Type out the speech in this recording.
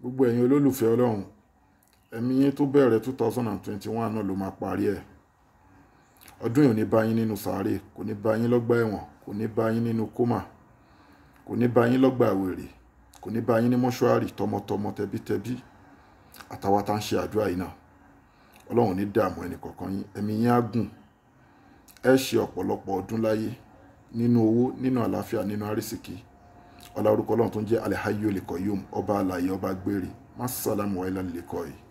gbogbo ẹ̀yin olólùfẹ́ ọlọ́run ẹ̀mí yín tó bẹ̀rẹ̀ two thousand and twenty one náà ló máa parí ẹ̀ ọdún yìí ò ní bá yín nínú sàárè kò ní bá yín lọ́gbà ẹ̀wọ̀n kò ní bá yín nínú kómà kò ní bá yín lọ́gbà àwèrè kò ní bá yín ní mọ́ṣúárì tọmọtọmọ tẹbítẹbí àtàwa tá ń ṣe àdúrà yìí náà ọlọ́run ní dààmú ẹnì kọ̀ọ̀kan yín ẹ̀mí yín á gùn ẹ ṣe ọ̀pọ̀lọpọ̀ ọdún láyé nínú owó nínú àlàáfíà nínú àrísìkí ọlá orúkọ ọlọ́run tó ń jẹ́ alẹ́ lè kọ́ yóò ọba àlàyé ọba gbére má sàlámù wáyé lè kọ́ yìí.